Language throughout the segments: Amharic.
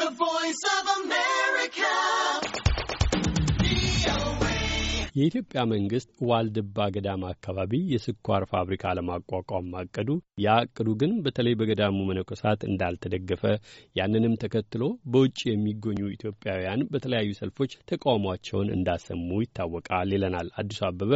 The Voice of America. የኢትዮጵያ መንግስት ዋልድባ ገዳም አካባቢ የስኳር ፋብሪካ ለማቋቋም ማቀዱ ያ እቅዱ ግን በተለይ በገዳሙ መነኮሳት እንዳልተደገፈ ያንንም ተከትሎ በውጭ የሚገኙ ኢትዮጵያውያን በተለያዩ ሰልፎች ተቃውሟቸውን እንዳሰሙ ይታወቃል ይለናል አዲሱ አበበ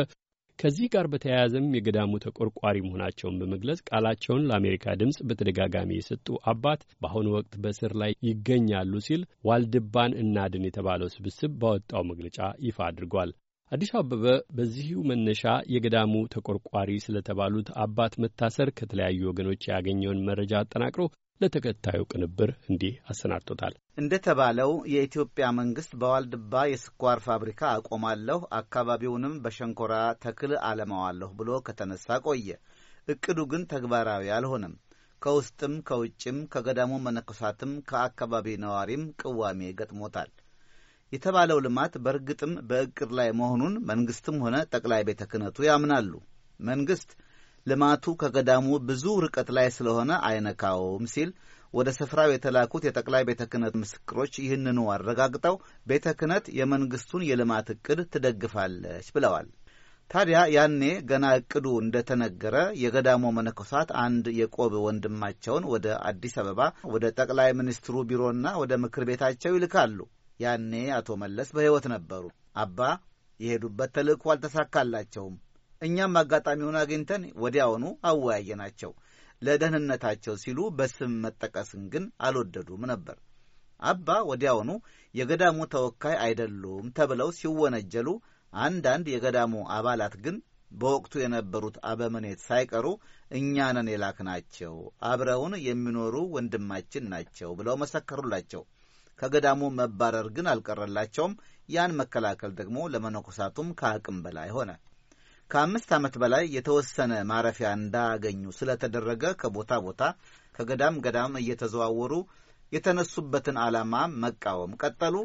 ከዚህ ጋር በተያያዘም የገዳሙ ተቆርቋሪ መሆናቸውን በመግለጽ ቃላቸውን ለአሜሪካ ድምፅ በተደጋጋሚ የሰጡ አባት በአሁኑ ወቅት በእስር ላይ ይገኛሉ ሲል ዋልድባን እናድን የተባለው ስብስብ ባወጣው መግለጫ ይፋ አድርጓል። አዲሱ አበበ በዚሁ መነሻ የገዳሙ ተቆርቋሪ ስለተባሉት አባት መታሰር ከተለያዩ ወገኖች ያገኘውን መረጃ አጠናቅሮ ለተከታዩ ቅንብር እንዲህ አሰናድቶታል። እንደተባለው የኢትዮጵያ መንግስት በዋልድባ የስኳር ፋብሪካ አቆማለሁ፣ አካባቢውንም በሸንኮራ ተክል አለማዋለሁ ብሎ ከተነሳ ቆየ። እቅዱ ግን ተግባራዊ አልሆነም። ከውስጥም ከውጭም ከገዳሙ መነኮሳትም ከአካባቢ ነዋሪም ቅዋሜ ገጥሞታል። የተባለው ልማት በእርግጥም በእቅድ ላይ መሆኑን መንግስትም ሆነ ጠቅላይ ቤተ ክህነቱ ያምናሉ። መንግስት ልማቱ ከገዳሙ ብዙ ርቀት ላይ ስለሆነ አይነካውም ሲል ወደ ስፍራው የተላኩት የጠቅላይ ቤተ ክህነት ምስክሮች ይህንኑ አረጋግጠው ቤተ ክህነት የመንግስቱን የልማት እቅድ ትደግፋለች ብለዋል። ታዲያ ያኔ ገና እቅዱ እንደተነገረ የገዳሙ መነኮሳት አንድ የቆብ ወንድማቸውን ወደ አዲስ አበባ ወደ ጠቅላይ ሚኒስትሩ ቢሮና ወደ ምክር ቤታቸው ይልካሉ። ያኔ አቶ መለስ በሕይወት ነበሩ። አባ የሄዱበት ተልእኮ አልተሳካላቸውም። እኛም አጋጣሚውን አግኝተን ወዲያውኑ አወያየናቸው። ለደህንነታቸው ሲሉ በስም መጠቀስን ግን አልወደዱም ነበር። አባ ወዲያውኑ የገዳሙ ተወካይ አይደሉም ተብለው ሲወነጀሉ፣ አንዳንድ የገዳሙ አባላት ግን በወቅቱ የነበሩት አበምኔት ሳይቀሩ እኛንን የላክ ናቸው አብረውን የሚኖሩ ወንድማችን ናቸው ብለው መሰከሩላቸው። ከገዳሙ መባረር ግን አልቀረላቸውም። ያን መከላከል ደግሞ ለመነኮሳቱም ከአቅም በላይ ሆነ። ከአምስት ዓመት በላይ የተወሰነ ማረፊያ እንዳያገኙ ስለተደረገ ከቦታ ቦታ ከገዳም ገዳም እየተዘዋወሩ የተነሱበትን ዓላማ መቃወም ቀጠሉ።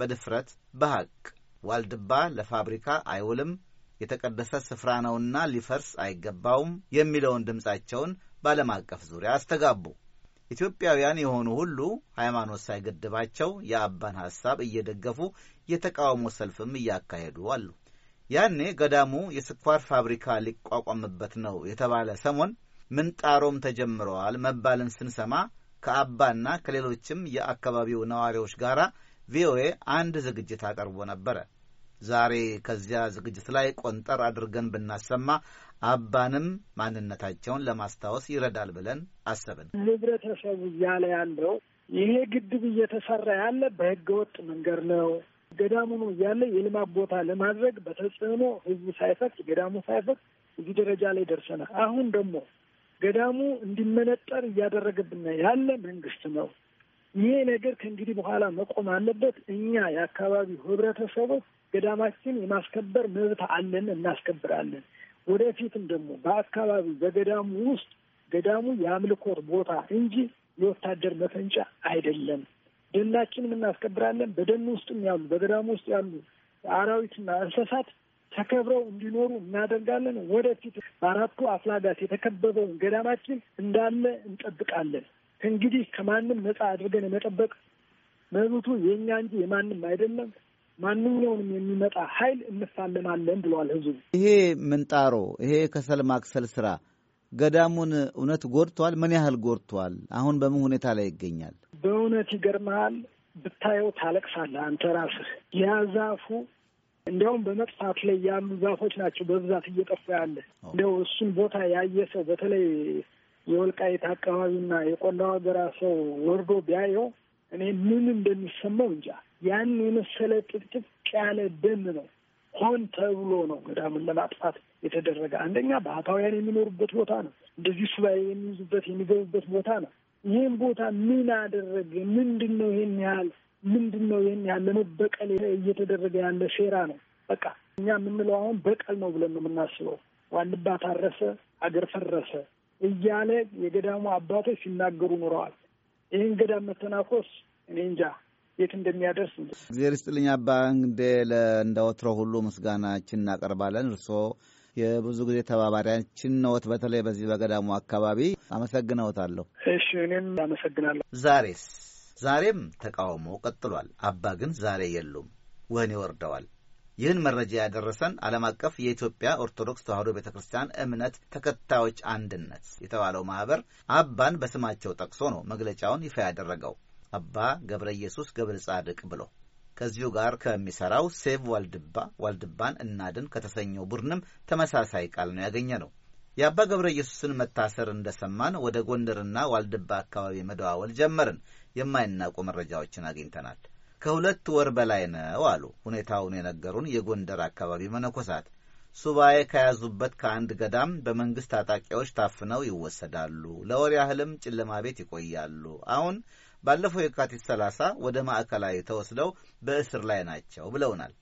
በድፍረት በሐቅ ዋልድባ ለፋብሪካ አይውልም፣ የተቀደሰ ስፍራ ነውና ሊፈርስ አይገባውም የሚለውን ድምፃቸውን በዓለም አቀፍ ዙሪያ አስተጋቡ። ኢትዮጵያውያን የሆኑ ሁሉ ሃይማኖት ሳይገድባቸው የአባን ሐሳብ እየደገፉ የተቃውሞ ሰልፍም እያካሄዱ አሉ። ያኔ ገዳሙ የስኳር ፋብሪካ ሊቋቋምበት ነው የተባለ ሰሞን ምንጣሮም ተጀምረዋል መባልን ስንሰማ ከአባና ከሌሎችም የአካባቢው ነዋሪዎች ጋር ቪኦኤ አንድ ዝግጅት አቀርቦ ነበረ። ዛሬ ከዚያ ዝግጅት ላይ ቆንጠር አድርገን ብናሰማ አባንም ማንነታቸውን ለማስታወስ ይረዳል ብለን አሰብን። ህብረተሰቡ እያለ ያለው ይሄ ግድብ እየተሰራ ያለ በህገወጥ መንገድ ነው ገዳሙ ነው እያለ የልማት ቦታ ለማድረግ በተጽዕኖ ህዝቡ ሳይፈቅድ ገዳሙ ሳይፈቅድ እዚህ ደረጃ ላይ ደርሰናል። አሁን ደግሞ ገዳሙ እንዲመነጠር እያደረገብን ያለ መንግስት ነው። ይሄ ነገር ከእንግዲህ በኋላ መቆም አለበት። እኛ የአካባቢው ህብረተሰቦች ገዳማችን የማስከበር መብት አለን፣ እናስከብራለን። ወደፊትም ደግሞ በአካባቢው በገዳሙ ውስጥ ገዳሙ የአምልኮት ቦታ እንጂ የወታደር መፈንጫ አይደለም። ደናችንም እናስከብራለን። በደን ውስጥም ያሉ በገዳም ውስጥ ያሉ አራዊትና እንስሳት ተከብረው እንዲኖሩ እናደርጋለን። ወደፊት በአራቱ አፍላጋት የተከበበውን ገዳማችን እንዳለ እንጠብቃለን። እንግዲህ ከማንም ነፃ አድርገን የመጠበቅ መብቱ የእኛ እንጂ የማንም አይደለም። ማንኛውንም የሚመጣ ኃይል እንፋለማለን ብለዋል ህዝቡ። ይሄ ምንጣሮ ይሄ ከሰል ማክሰል ስራ ገዳሙን እውነት ጎድቷል? ምን ያህል ጎድቷል? አሁን በምን ሁኔታ ላይ ይገኛል? በእውነት ይገርመሃል። ብታየው ታለቅሳለህ አንተ ራስህ። ያ ዛፉ እንዲያውም በመጥፋት ላይ ያሉ ዛፎች ናቸው በብዛት እየጠፉ ያለ። እንዲያው እሱን ቦታ ያየ ሰው በተለይ የወልቃይት አካባቢና የቆላው ሀገራ ሰው ወርዶ ቢያየው እኔ ምን እንደሚሰማው እንጃ። ያን የመሰለ ጥቅጥቅ ያለ ደን ነው ሆን ተብሎ ነው ገዳሙን ለማጥፋት የተደረገ። አንደኛ ባህታውያን የሚኖሩበት ቦታ ነው። እንደዚህ ሱባኤ የሚይዙበት የሚገቡበት ቦታ ነው። ይህን ቦታ ምን አደረገ? ምንድን ነው ይህን ያህል ምንድን ነው ይህን ያህል ለመበቀል እየተደረገ ያለ ሴራ ነው። በቃ እኛ የምንለው አሁን በቀል ነው ብለን ነው የምናስበው። ዋልባ ታረሰ፣ አገር ፈረሰ እያለ የገዳሙ አባቶች ሲናገሩ ኑረዋል። ይህን ገዳም መተናኮስ እኔ እንጃ የት እንደሚያደርስ እግዚአብሔር ይስጥልኝ አባ እንግዴ እንደ ወትሮ ሁሉ ምስጋናችን እናቀርባለን። እርስዎ የብዙ ጊዜ ተባባሪያችን ነዎት፣ በተለይ በዚህ በገዳሙ አካባቢ አመሰግነዎታለሁ። እሺ እኔም አመሰግናለሁ። ዛሬስ ዛሬም ተቃውሞ ቀጥሏል። አባ ግን ዛሬ የሉም፣ ወህኒ ወርደዋል። ይህን መረጃ ያደረሰን ዓለም አቀፍ የኢትዮጵያ ኦርቶዶክስ ተዋሕዶ ቤተ ክርስቲያን እምነት ተከታዮች አንድነት የተባለው ማኅበር አባን በስማቸው ጠቅሶ ነው መግለጫውን ይፋ ያደረገው። አባ ገብረ ኢየሱስ ገብረ ጻድቅ ብሎ ከዚሁ ጋር ከሚሰራው ሴቭ ዋልድባ ዋልድባን እናድን ከተሰኘው ቡድንም ተመሳሳይ ቃል ነው ያገኘ ነው። የአባ ገብረ ኢየሱስን መታሰር እንደሰማን ወደ ጎንደርና ዋልድባ አካባቢ መደዋወል ጀመርን። የማይናቁ መረጃዎችን አግኝተናል። ከሁለት ወር በላይ ነው አሉ ሁኔታውን የነገሩን የጎንደር አካባቢ መነኮሳት። ሱባኤ ከያዙበት ከአንድ ገዳም በመንግስት ታጣቂዎች ታፍነው ይወሰዳሉ። ለወር ያህልም ጨለማ ቤት ይቆያሉ። አሁን ባለፈው የካቲት 30 ወደ ማዕከላዊ ተወስደው በእስር ላይ ናቸው ብለውናል።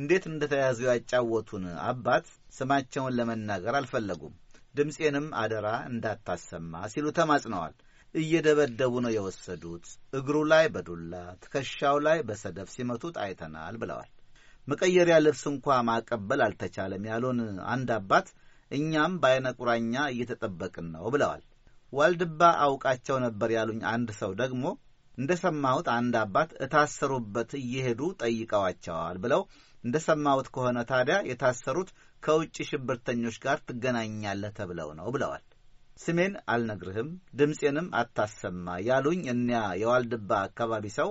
እንዴት እንደተያዙ ያጫወቱን አባት ስማቸውን ለመናገር አልፈለጉም። ድምፄንም አደራ እንዳታሰማ ሲሉ ተማጽነዋል። እየደበደቡ ነው የወሰዱት። እግሩ ላይ በዱላ ትከሻው ላይ በሰደፍ ሲመቱት አይተናል ብለዋል። መቀየሪያ ልብስ እንኳ ማቀበል አልተቻለም ያሉን አንድ አባት እኛም በአይነ ቁራኛ እየተጠበቅን ነው ብለዋል። ዋልድባ አውቃቸው ነበር ያሉኝ አንድ ሰው ደግሞ እንደ ሰማሁት አንድ አባት እታሰሩበት እየሄዱ ጠይቀዋቸዋል ብለው እንደ ሰማሁት ከሆነ ታዲያ የታሰሩት ከውጭ ሽብርተኞች ጋር ትገናኛለህ ተብለው ነው ብለዋል። ስሜን አልነግርህም፣ ድምፄንም አታሰማ ያሉኝ እኒያ የዋልድባ አካባቢ ሰው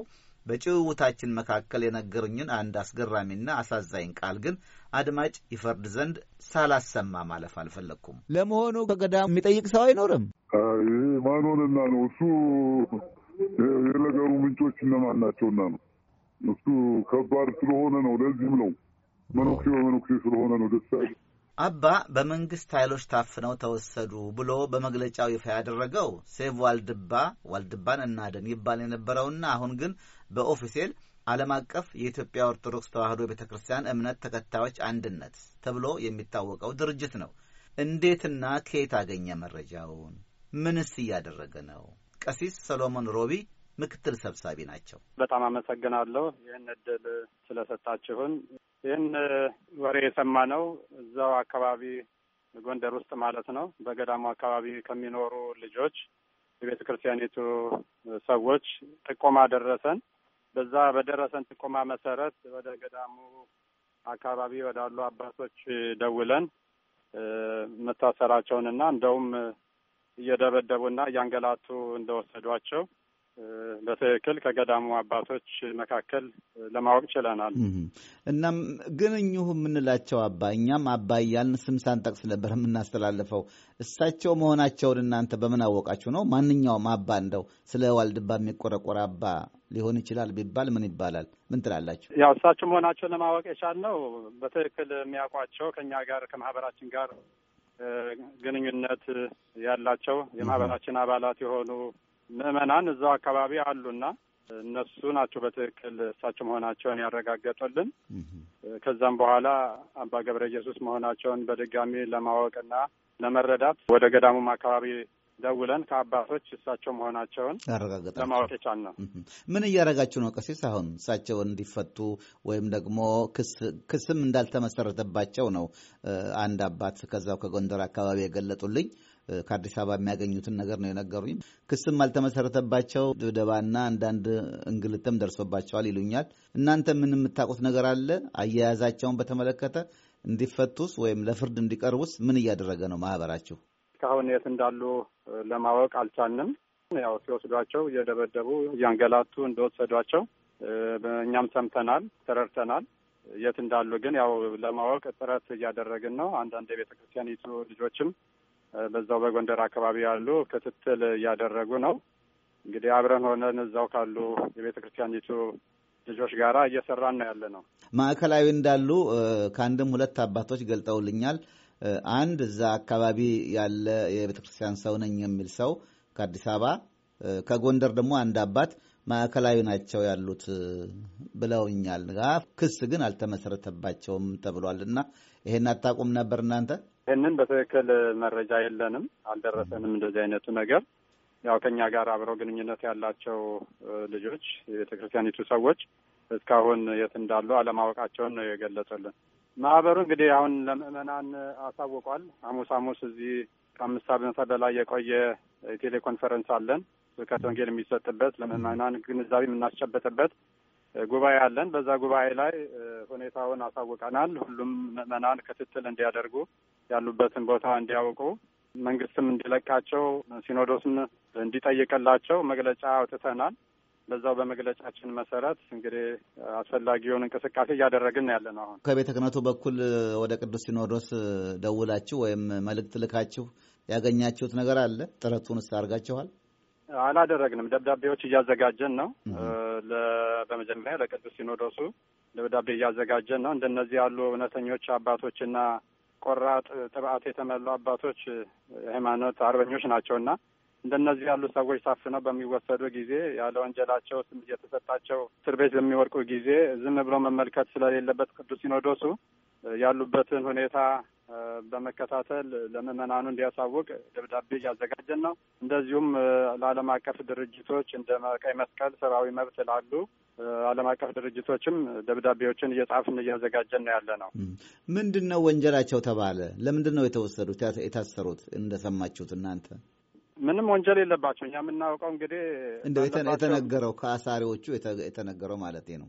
በጭውውታችን መካከል የነገሩኝን አንድ አስገራሚና አሳዛኝ ቃል ግን አድማጭ ይፈርድ ዘንድ ሳላሰማ ማለፍ አልፈለግኩም። ለመሆኑ ከገዳም የሚጠይቅ ሰው አይኖርም? ማንሆንና ነው እሱ የነገሩ ምንጮች እነማን ናቸውና ነው እሱ ከባድ ስለሆነ ነው። ለዚህም ነው መነኩሴ በመነኩሴ ስለሆነ ነው ደስ አባ በመንግስት ኃይሎች ታፍነው ተወሰዱ ብሎ በመግለጫው ይፋ ያደረገው ሴቭ ዋልድባ ዋልድባን እናድን ይባል የነበረውና አሁን ግን በኦፊሴል ዓለም አቀፍ የኢትዮጵያ ኦርቶዶክስ ተዋሕዶ ቤተ ክርስቲያን እምነት ተከታዮች አንድነት ተብሎ የሚታወቀው ድርጅት ነው። እንዴትና ከየት አገኘ መረጃውን? ምንስ እያደረገ ነው? ቀሲስ ሰሎሞን ሮቢ ምክትል ሰብሳቢ ናቸው። በጣም አመሰግናለሁ ይህን እድል ስለሰጣችሁን። ይህን ወሬ የሰማ ነው። እዛው አካባቢ ጎንደር ውስጥ ማለት ነው በገዳሙ አካባቢ ከሚኖሩ ልጆች የቤተ ክርስቲያኒቱ ሰዎች ጥቆማ ደረሰን። በዛ በደረሰን ጥቆማ መሰረት ወደ ገዳሙ አካባቢ ወዳሉ አባቶች ደውለን መታሰራቸውንና እንደውም እየደበደቡና እያንገላቱ እንደወሰዷቸው በትክክል ከገዳሙ አባቶች መካከል ለማወቅ ችለናል። እናም ግን እኚሁ የምንላቸው አባ እኛም አባ እያልን ስም ሳንጠቅስ ነበር የምናስተላልፈው። እሳቸው መሆናቸውን እናንተ በምን አወቃችሁ ነው? ማንኛውም አባ እንደው ስለ ዋልድባ የሚቆረቆር አባ ሊሆን ይችላል ቢባል ምን ይባላል? ምን ትላላችሁ? ያው እሳቸው መሆናቸውን ለማወቅ የቻልነው በትክክል የሚያውቋቸው ከእኛ ጋር ከማህበራችን ጋር ግንኙነት ያላቸው የማህበራችን አባላት የሆኑ ምዕመናን እዛው አካባቢ አሉና እነሱ ናቸው በትክክል እሳቸው መሆናቸውን ያረጋገጡልን። ከዛም በኋላ አባ ገብረ ኢየሱስ መሆናቸውን በድጋሚ ለማወቅና ለመረዳት ወደ ገዳሙም አካባቢ ደውለን ከአባቶች እሳቸው መሆናቸውን ለማወቅ የቻልነው። ምን እያደረጋችሁ ነው ቀሲስ? አሁን እሳቸውን እንዲፈቱ ወይም ደግሞ ክስም እንዳልተመሰረተባቸው ነው አንድ አባት ከዛው ከጎንደር አካባቢ የገለጡልኝ። ከአዲስ አበባ የሚያገኙትን ነገር ነው የነገሩኝ። ክስም አልተመሰረተባቸው፣ ድብደባና አንዳንድ እንግልትም ደርሶባቸዋል ይሉኛል። እናንተ ምን የምታውቁት ነገር አለ? አያያዛቸውን በተመለከተ እንዲፈቱስ ወይም ለፍርድ እንዲቀርቡስ ምን እያደረገ ነው ማህበራችሁ? እስካሁን የት እንዳሉ ለማወቅ አልቻልንም። ያው ሲወስዷቸው እየደበደቡ እያንገላቱ እንደወሰዷቸው እኛም ሰምተናል፣ ተረድተናል። የት እንዳሉ ግን ያው ለማወቅ ጥረት እያደረግን ነው። አንዳንድ የቤተ ክርስቲያኒቱ ልጆችም በዛው በጎንደር አካባቢ ያሉ ክትትል እያደረጉ ነው። እንግዲህ አብረን ሆነን እዛው ካሉ የቤተ ክርስቲያኒቱ ልጆች ጋራ እየሰራን ነው ያለ ነው። ማዕከላዊ እንዳሉ ከአንድም ሁለት አባቶች ገልጠውልኛል። አንድ እዛ አካባቢ ያለ የቤተክርስቲያን ሰው ነኝ የሚል ሰው ከአዲስ አበባ ከጎንደር ደግሞ አንድ አባት ማዕከላዊ ናቸው ያሉት ብለውኛል። ክስ ግን አልተመሰረተባቸውም ተብሏል። እና ይሄን አታውቁም ነበር እናንተ? ይህንን በትክክል መረጃ የለንም፣ አልደረሰንም እንደዚህ አይነቱ ነገር። ያው ከኛ ጋር አብረው ግንኙነት ያላቸው ልጆች የቤተክርስቲያኒቱ ሰዎች እስካሁን የት እንዳሉ አለማወቃቸውን ነው የገለጸልን። ማህበሩ እንግዲህ አሁን ለምዕመናን አሳውቋል። ሐሙስ ሐሙስ እዚህ ከአምስት ዓመት በላይ የቆየ ቴሌኮንፈረንስ አለን። ስብከተ ወንጌል የሚሰጥበት ለምዕመናን ግንዛቤ የምናስጨበጥበት ጉባኤ አለን። በዛ ጉባኤ ላይ ሁኔታውን አሳውቀናል። ሁሉም ምእመናን ክትትል እንዲያደርጉ ያሉበትን ቦታ እንዲያውቁ መንግስትም እንዲለቃቸው ሲኖዶስም እንዲጠይቅላቸው መግለጫ አውጥተናል። በዛው በመግለጫችን መሰረት እንግዲህ አስፈላጊውን እንቅስቃሴ እያደረግን ነው ያለ ነው። አሁን ከቤተ ክህነቱ በኩል ወደ ቅዱስ ሲኖዶስ ደውላችሁ ወይም መልእክት ልካችሁ ያገኛችሁት ነገር አለ? ጥረቱን ስ አድርጋችኋል? አላደረግንም። ደብዳቤዎች እያዘጋጀን ነው። በመጀመሪያ ለቅዱስ ሲኖዶሱ ደብዳቤ እያዘጋጀን ነው። እንደነዚህ ያሉ እውነተኞች አባቶችና ቆራጥ ጥብአት የተሞሉ አባቶች ሃይማኖት አርበኞች ናቸውና እንደነዚህ ያሉ ሰዎች ታፍነው በሚወሰዱ ጊዜ ያለ ወንጀላቸው ስም እየተሰጣቸው እስር ቤት በሚወርቁ ጊዜ ዝም ብሎ መመልከት ስለሌለበት ቅዱስ ሲኖዶሱ ያሉበትን ሁኔታ በመከታተል ለምዕመናኑ እንዲያሳውቅ ደብዳቤ እያዘጋጀን ነው። እንደዚሁም ለዓለም አቀፍ ድርጅቶች እንደ ቀይ መስቀል ሰብአዊ መብት ላሉ ዓለም አቀፍ ድርጅቶችም ደብዳቤዎችን እየጻፍን እያዘጋጀን ነው ያለ ነው። ምንድን ነው ወንጀላቸው ተባለ? ለምንድን ነው የተወሰዱት የታሰሩት? እንደሰማችሁት እናንተ ምንም ወንጀል የለባቸው። እኛ የምናውቀው እንግዲህ እንደ የተነገረው ከአሳሪዎቹ የተነገረው ማለት ነው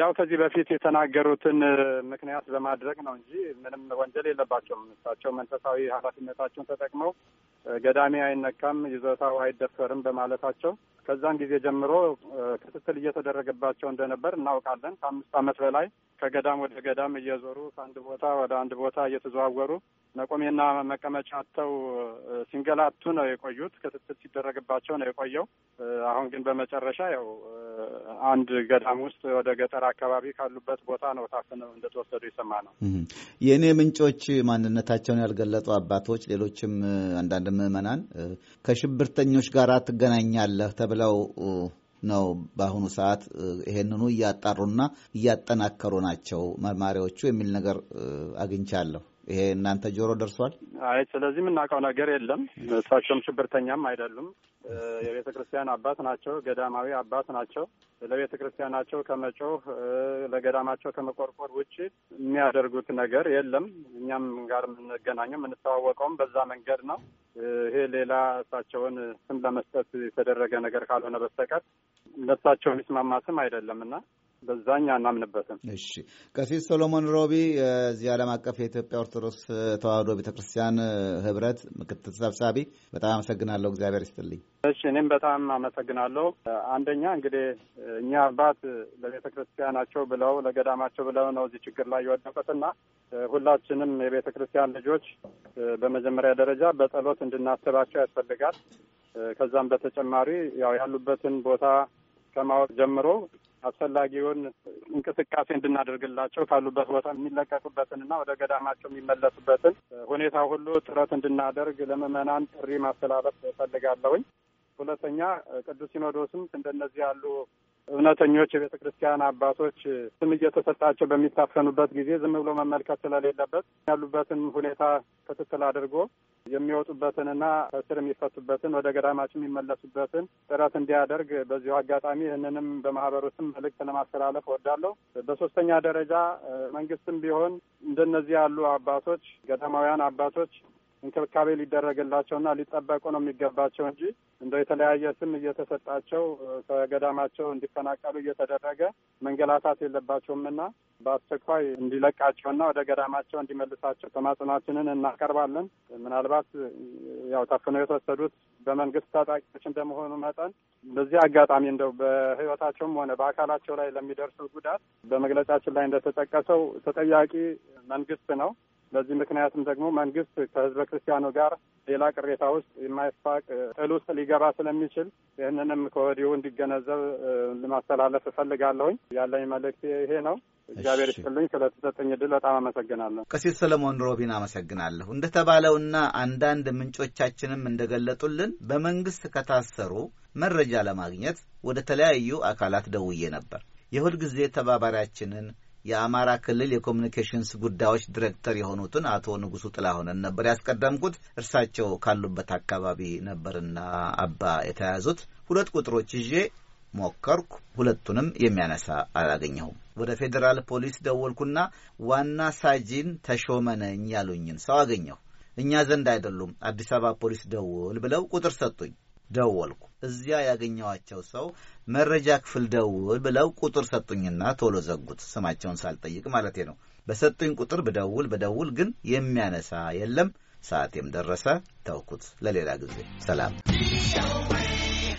ያው ከዚህ በፊት የተናገሩትን ምክንያት በማድረግ ነው እንጂ ምንም ወንጀል የለባቸውም። እሳቸው መንፈሳዊ ኃላፊነታቸውን ተጠቅመው ገዳሜ አይነካም፣ ይዞታው አይደፈርም በማለታቸው ከዛን ጊዜ ጀምሮ ክትትል እየተደረገባቸው እንደነበር እናውቃለን። ከአምስት ዓመት በላይ ከገዳም ወደ ገዳም እየዞሩ ከአንድ ቦታ ወደ አንድ ቦታ እየተዘዋወሩ መቆሜና መቀመጫ አጥተው ሲንገላቱ ነው የቆዩት። ክትትል ሲደረግባቸው ነው የቆየው። አሁን ግን በመጨረሻ ያው አንድ ገዳም ውስጥ ወደ ገጠ ገጠር አካባቢ ካሉበት ቦታ ነው ታፍነው እንደተወሰዱ ይሰማ ነው። የእኔ ምንጮች ማንነታቸውን ያልገለጡ አባቶች፣ ሌሎችም አንዳንድ ምዕመናን ከሽብርተኞች ጋር ትገናኛለህ ተብለው ነው በአሁኑ ሰዓት ይሄንኑ እያጣሩና እያጠናከሩ ናቸው መርማሪዎቹ የሚል ነገር አግኝቻለሁ። ይሄ እናንተ ጆሮ ደርሷል? አይ ስለዚህ የምናውቀው ነገር የለም። እሳቸውም ሽብርተኛም አይደሉም። የቤተ ክርስቲያን አባት ናቸው። ገዳማዊ አባት ናቸው። ለቤተ ክርስቲያናቸው ከመጮህ ለገዳማቸው ከመቆርቆር ውጭ የሚያደርጉት ነገር የለም። እኛም ጋር የምንገናኘው የምንተዋወቀውም በዛ መንገድ ነው። ይሄ ሌላ እሳቸውን ስም ለመስጠት የተደረገ ነገር ካልሆነ በስተቀር ለእሳቸው የሚስማማ ስም አይደለም እና በዛኛ እናምንበትም። እሺ ቀሲስ ሶሎሞን ሮቢ የዚህ ዓለም አቀፍ የኢትዮጵያ ኦርቶዶክስ ተዋህዶ ቤተክርስቲያን ህብረት ምክትል ሰብሳቢ፣ በጣም አመሰግናለሁ። እግዚአብሔር ይስጥልኝ። እሺ እኔም በጣም አመሰግናለሁ። አንደኛ እንግዲህ እኛ አባት ለቤተ ክርስቲያናቸው ብለው ለገዳማቸው ብለው ነው እዚህ ችግር ላይ የወደቁትና ሁላችንም የቤተ ክርስቲያን ልጆች በመጀመሪያ ደረጃ በጸሎት እንድናስባቸው ያስፈልጋል። ከዛም በተጨማሪ ያው ያሉበትን ቦታ ከማወቅ ጀምሮ አስፈላጊውን እንቅስቃሴ እንድናደርግላቸው ካሉበት ቦታ የሚለቀቁበትንና ወደ ገዳማቸው የሚመለሱበትን ሁኔታ ሁሉ ጥረት እንድናደርግ ለምዕመናን ጥሪ ማስተላለፍ እፈልጋለሁኝ። ሁለተኛ ቅዱስ ሲኖዶስም እንደነዚህ ያሉ እውነተኞች የቤተ ክርስቲያን አባቶች ስም እየተሰጣቸው በሚታፈኑበት ጊዜ ዝም ብሎ መመልከት ስለሌለበት ያሉበትን ሁኔታ ክትትል አድርጎ የሚወጡበትንና ከስር የሚፈቱበትን ወደ ገዳማችን የሚመለሱበትን ጥረት እንዲያደርግ በዚሁ አጋጣሚ ይህንንም በማህበሩ ስም መልእክት ለማስተላለፍ እወዳለሁ። በሶስተኛ ደረጃ መንግስትም ቢሆን እንደነዚህ ያሉ አባቶች ገዳማውያን አባቶች እንክብካቤ ሊደረግላቸውና ሊጠበቁ ነው የሚገባቸው እንጂ እንደ የተለያየ ስም እየተሰጣቸው ከገዳማቸው እንዲፈናቀሉ እየተደረገ መንገላታት የለባቸውምና በአስቸኳይ እንዲለቃቸውና ወደ ገዳማቸው እንዲመልሳቸው ተማጽናችንን እናቀርባለን። ምናልባት ያው ታፍነው የተወሰዱት በመንግስት ታጣቂዎች እንደመሆኑ መጠን በዚህ አጋጣሚ እንደው በህይወታቸውም ሆነ በአካላቸው ላይ ለሚደርሰው ጉዳት በመግለጫችን ላይ እንደተጠቀሰው ተጠያቂ መንግስት ነው። በዚህ ምክንያትም ደግሞ መንግስት ከህዝበ ክርስቲያኑ ጋር ሌላ ቅሬታ ውስጥ የማይፋቅ ጥል ውስጥ ሊገባ ስለሚችል ይህንንም ከወዲሁ እንዲገነዘብ ለማስተላለፍ እፈልጋለሁኝ። ያለኝ መልእክት ይሄ ነው። እግዚአብሔር ይስጥልኝ። ስለተሰጠኝ ድል በጣም አመሰግናለሁ። ቀሲስ ሰለሞን ሮቢን አመሰግናለሁ። እንደተባለውና አንዳንድ ምንጮቻችንም እንደገለጡልን በመንግስት ከታሰሩ መረጃ ለማግኘት ወደ ተለያዩ አካላት ደውዬ ነበር። የሁልጊዜ ተባባሪያችንን የአማራ ክልል የኮሚኒኬሽንስ ጉዳዮች ዲሬክተር የሆኑትን አቶ ንጉሱ ጥላሁንን ነበር ያስቀደምኩት። እርሳቸው ካሉበት አካባቢ ነበርና አባ የተያዙት ሁለት ቁጥሮች ይዤ ሞከርኩ። ሁለቱንም የሚያነሳ አላገኘሁም። ወደ ፌዴራል ፖሊስ ደወልኩና ዋና ሳጂን ተሾመነኝ ያሉኝን ሰው አገኘሁ። እኛ ዘንድ አይደሉም፣ አዲስ አበባ ፖሊስ ደውል ብለው ቁጥር ሰጡኝ። ደወልኩ። እዚያ ያገኘኋቸው ሰው መረጃ ክፍል ደውል ብለው ቁጥር ሰጡኝና ቶሎ ዘጉት። ስማቸውን ሳልጠይቅ ማለቴ ነው። በሰጡኝ ቁጥር ብደውል ብደውል ግን የሚያነሳ የለም። ሰዓቴም ደረሰ። ተውኩት። ለሌላ ጊዜ ሰላም